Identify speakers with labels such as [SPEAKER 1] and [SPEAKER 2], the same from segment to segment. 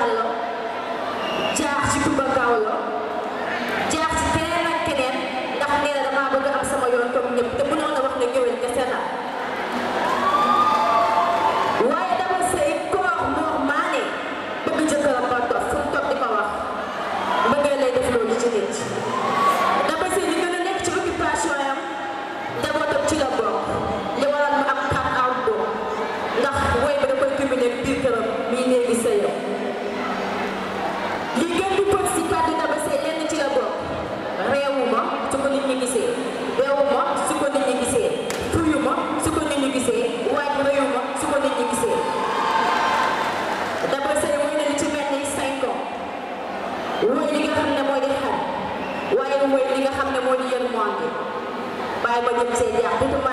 [SPEAKER 1] Diallo jaar ci Touba Kaolack เอามาเย็นเศษอย่างที่ทุก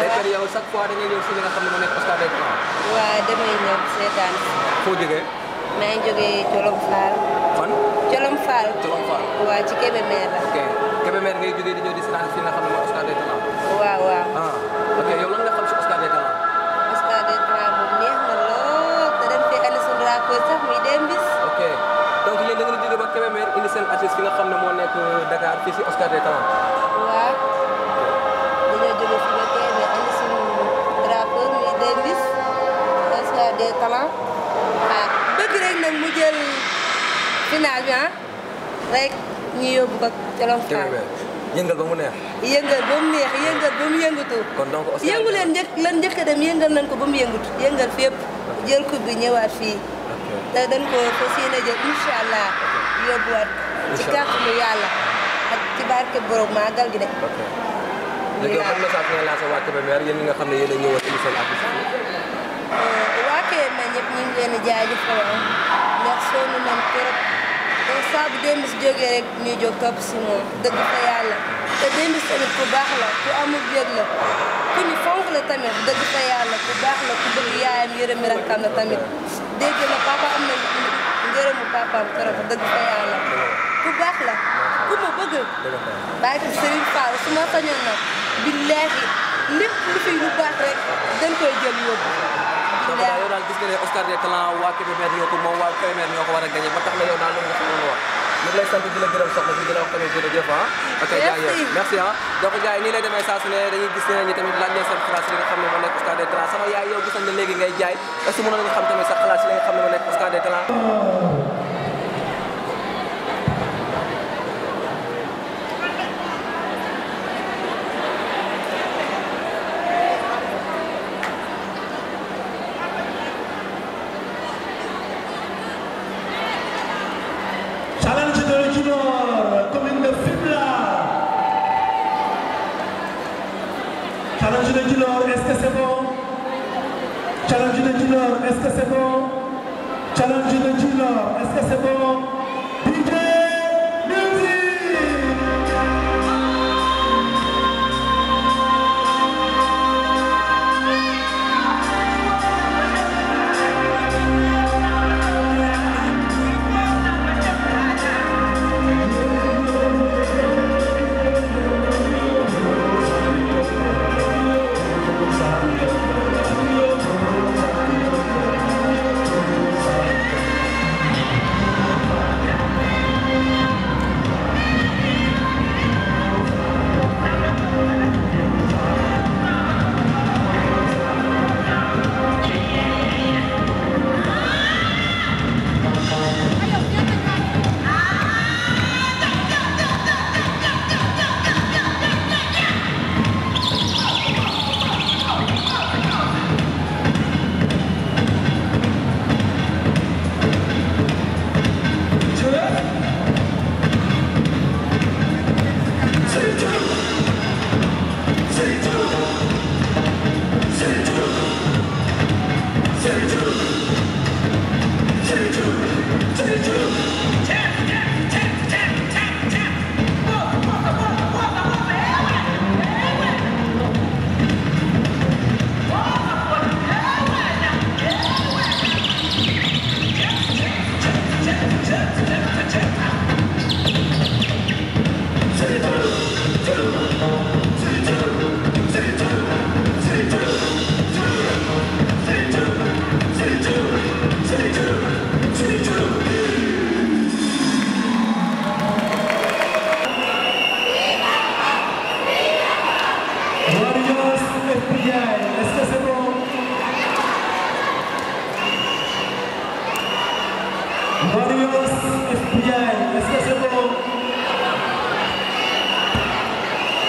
[SPEAKER 2] fekk yow chaque fois da ngay ñëw si li nga seetaan. foo jógee.
[SPEAKER 3] maa ngi Colom Fall. Colom Fall. Colom ci Kébémer la.
[SPEAKER 2] ok Kébémer ngay jógee di ñëw ah, di seetaan si li xam ne Oscar day plan. waaw waaw. ok yow nga xam si Oscar day plan.
[SPEAKER 3] Oscar day plan moom neex na lool te dem fee andi suñu
[SPEAKER 2] ok donc yéen da ngeen di jógee ba Kébémer indi seen artiste fi nga xam ne moo nekk Dakar fii si Oscar day plan.
[SPEAKER 3] waaw. talent waaw ah, bëgg rek nag mu jël final bi ah rek ñu yóbbu ko Jolof yëngal
[SPEAKER 2] yëngal ba mu neex yëngal ba mu yëngatu.
[SPEAKER 3] dem yëngal nañ ko ba mu yëngatu yëngal fépp jël coupe ñëwaat fii. te dañ ko fas yéene jël incha allah yóbbuwaat. ci kàttanu yàlla ak ci barke borom màggal gi de. ok
[SPEAKER 2] léegi yow ban message nga lancé waa nga xam ne yéen a ñëwoon émission ak
[SPEAKER 3] ñëpp ñu leen di jaajëfal ndax sonn nañ trop donc saa bu démb si jógee rek ñuy si moom dëgg fa yàlla tamit ku baax la ku amul yëg la ku fonk la tamit dëgg fa ku baax la ku baax la ku ma bëgg bàyyi ko Serigne Fall su ma sañoon nag billaahi lépp lu fi lu baax rek dañ koy jël yóbbu.
[SPEAKER 2] kon daal daal gis nga ne Oscar des talents waa Kébémer ñoo ko moom waa Kébémer ñoo ko war a tax na yow daal loolu nga xam ne wax. ñu ngi lay merci ah. donc gars nii lay demee saa ne dañuy gis ne ñi tamit laaj leen seen xalaat si li nga xam ne moo nekk Oscar des talents sama yaay yow gis ne léegi ngay jaay est-ce que mën nañu xam tamit sa xalaat si nga xam ne moo nekk Oscar des talents
[SPEAKER 4] c'est bon challenge de Djilor est-ce que c'est bon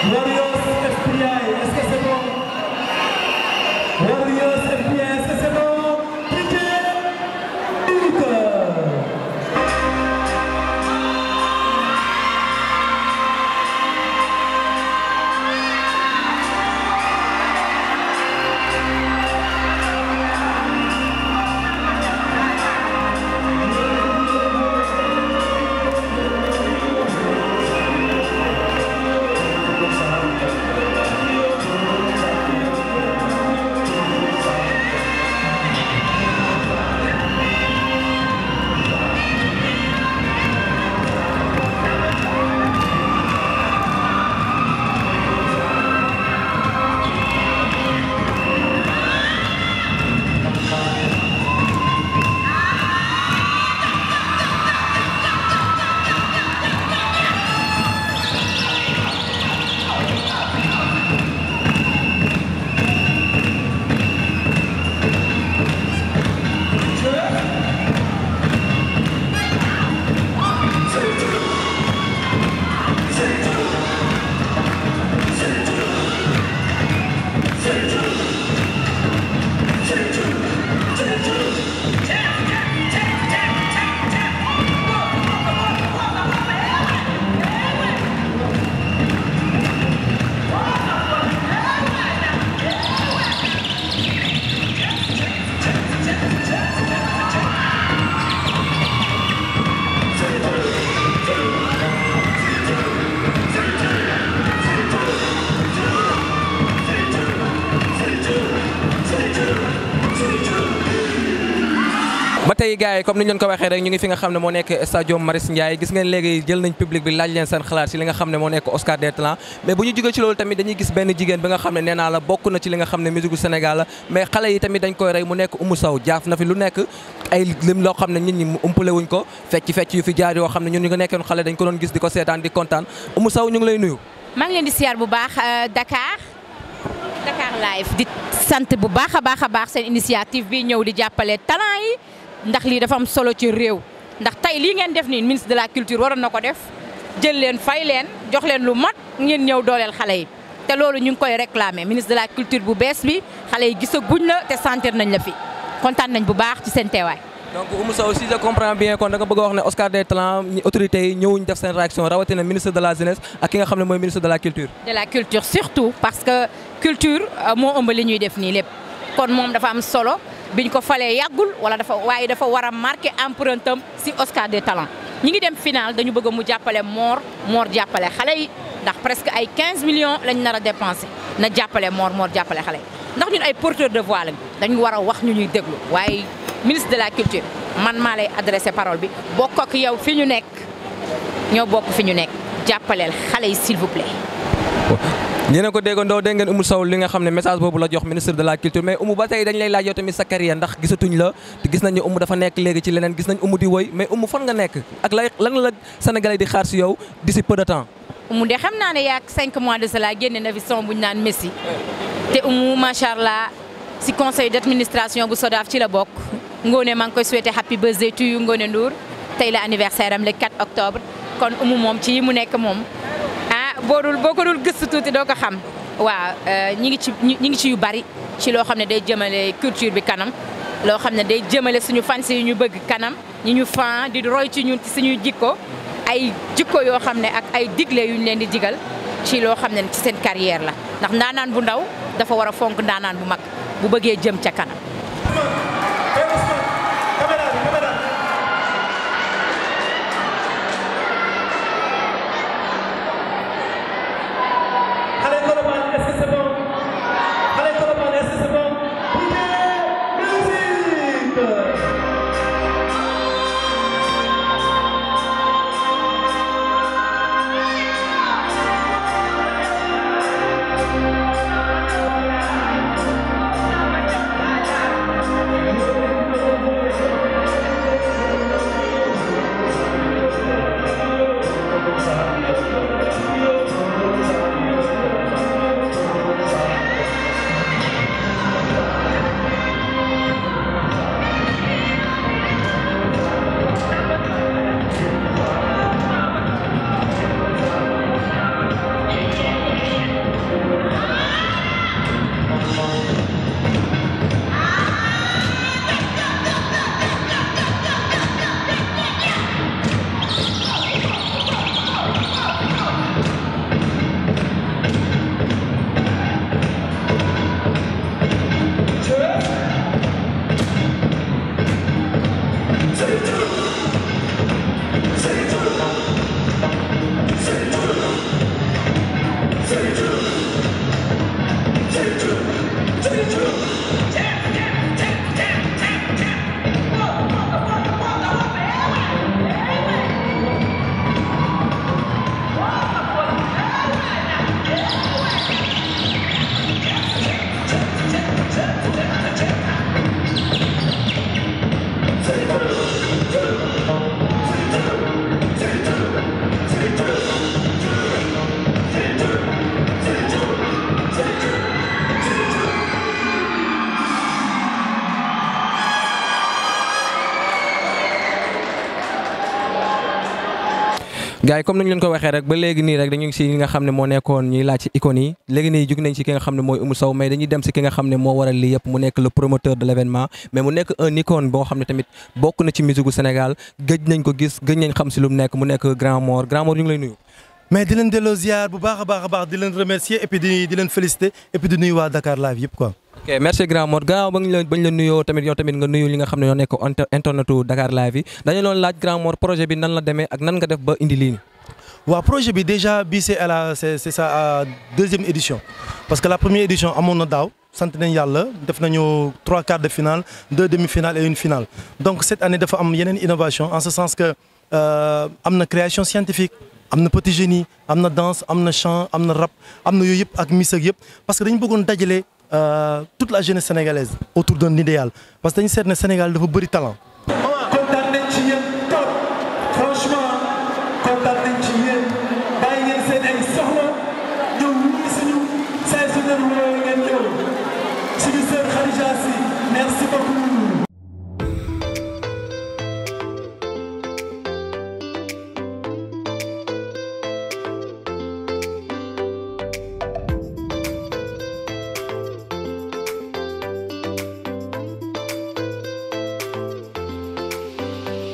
[SPEAKER 4] Glorious FBI, est-ce que c'est bon
[SPEAKER 2] léegi gars yi comme ni ñu leen ko waxee rek ñu ngi fi nga xam ne moo nekk stade Marius Ndiaye gis ngeen léegi jël nañ public bi laaj leen seen xalaat ci li nga xam ne moo nekk Oscar des talents mais bu ñu jógee ci loolu tamit dañuy gis benn jigéen bi nga xam ne nee naa la bokk na ci li nga xam ne musique Sénégal la mais xale yi tamit dañ koy rey mu nekk Oumou Sow jaaf na fi lu nekk ay lim loo xam ne wuñ ko fecc fecc yu fi jaar yoo xam ne ñun ñu nga nekkoon xale dañ ko doon gis di di ngi lay nuyu
[SPEAKER 1] maa leen di siyaar bu baax euh, Dakar Dakar live di sant bu baax a baax a baax seen initiative bi ñëw di jàppale talent ndax lii dafa am solo ci réew ndax tey lii ngeen def nii ministre de la culture waroon na ko def jël leen fay leen jox leen lu mat ngeen ñëw dooleel xale yi te loolu ñu ngi koy réclamer ministre de la culture bu bees bi xale yi gisaguñ la te sentir nañ la fi kontaan nañ bu baax ci seen teewaay.
[SPEAKER 2] donc Oumou Sow si je comprends bien kon da nga bëgg a wax ne Oscar des talents autorité yi ñëwuñ def seen réaction rawatina ministre de la jeunesse ak ki nga xam ne mooy ministre de la culture.
[SPEAKER 1] que culture euh, moo ëmb li ñuy def nii lépp kon moom dafa am solo. biñ ko falee yàggul wala dafa waaye dafa war a marqué empreinte am si Oscar des talents ñi ngi dem final dañu bëgg mu jàppale Mor moor jàppale xale yi ndax presque ay 15 millions lañ nar a dépensé na jàppale moor Mor jàppale xale yi ndax ñun ay porteur de voix lañ dañu war a wax ñu ñuy déglu waaye ministre de la culture man maa lay adressé parole bi bokk ak yow fi ñu nekk ñoo bokk fi ñu nekk jàppaleel xale yi s'il vous
[SPEAKER 2] ñene ko déggandoo dégg ngeen Oumou Sow li nga xam ne message boobu la jox ministre de la culture mais Oumou ba tey dañ lay laaj yow tamit sa carrière ndax gisatuñ la te gis nañ ne dafa nekk léegi ci leneen gis nañ Oumou di woy mais Oumou fan nga nekk ak lay lan la Sénégalais di xaar si yow d'ici peu de temps.
[SPEAKER 1] Oumou de xam naa ne yaa 5 mois de cela génne na fi son naan Messi te Oumou macha allah si conseil d' administration bu Sodaaf ci la bokk Ngone maa ngi koy souhaité happy birthday to tey la anniversaire am le octobre kon moom ci mu nekk moom. boo dul boo ko dul gëstu tuuti doo ko xam waaw euh, ñi ngi ci ñi ngi ci yu bari ci loo xam ne day jëmale culture bi kanam loo xam ne day jëmale suñu fans yu ñu bëgg kanam ñu ñu fan di roy ci ñun ci suñuy jikko ay jikko yoo xam ne ak ay digle yu ñu leen di digal ci loo xam ne ci seen carrière la ndax ndaanaan bu ndaw dafa war a fonk ndaanaan bu mag bu bëggee jëm ca kanam
[SPEAKER 2] gars comme nañu leen ko waxee rek ba léegi nii rek dañu si nga xam ne moo nekkoon ñuy laaj ci icône yi léegi nii jug nañ si ki nga xam ne mooy Oumou Sow mais dañuy dem si ki nga xam ne moo waral lii yëpp mu nekk le promoteur de l' mais mu nekk un icône boo xam ne tamit bokk na ci musique gu Sénégal gëj nañ ko gis gëj nañ xam si lu mu nekk mu nekk Grand Mor Grand Mor ñu lay nuyu mais di leen delloo ziar baax a baax a baax di leen remercier et puis di di leen féliciter et puis di nuyu waa Dakar ba ñu la ba tamit yow tamit nga nuyu li nga xam ne ñoo nekk internetu Dakar live yi dañu doon laaj grand Modou bi nan la demee nan nga def ba indi lii. waaw bi déjà bii c'est la c'est c'est sa parce que la première édition amoon na daaw. sant nañ yàlla def nañu trois quarts de finale deux demi-finales et une finale donc cette année dafa am yeneen innovation en ce euh, am na création scientifique am na petit génie am na danse am na chant am na rap am na yooyu yëpp ak miss ak yëpp parce que dañu bëggoon dajale euh, toute la jeunesse sénégalaise autour d'un idéal parce que dañu seet ne Sénégal dafa bëri talent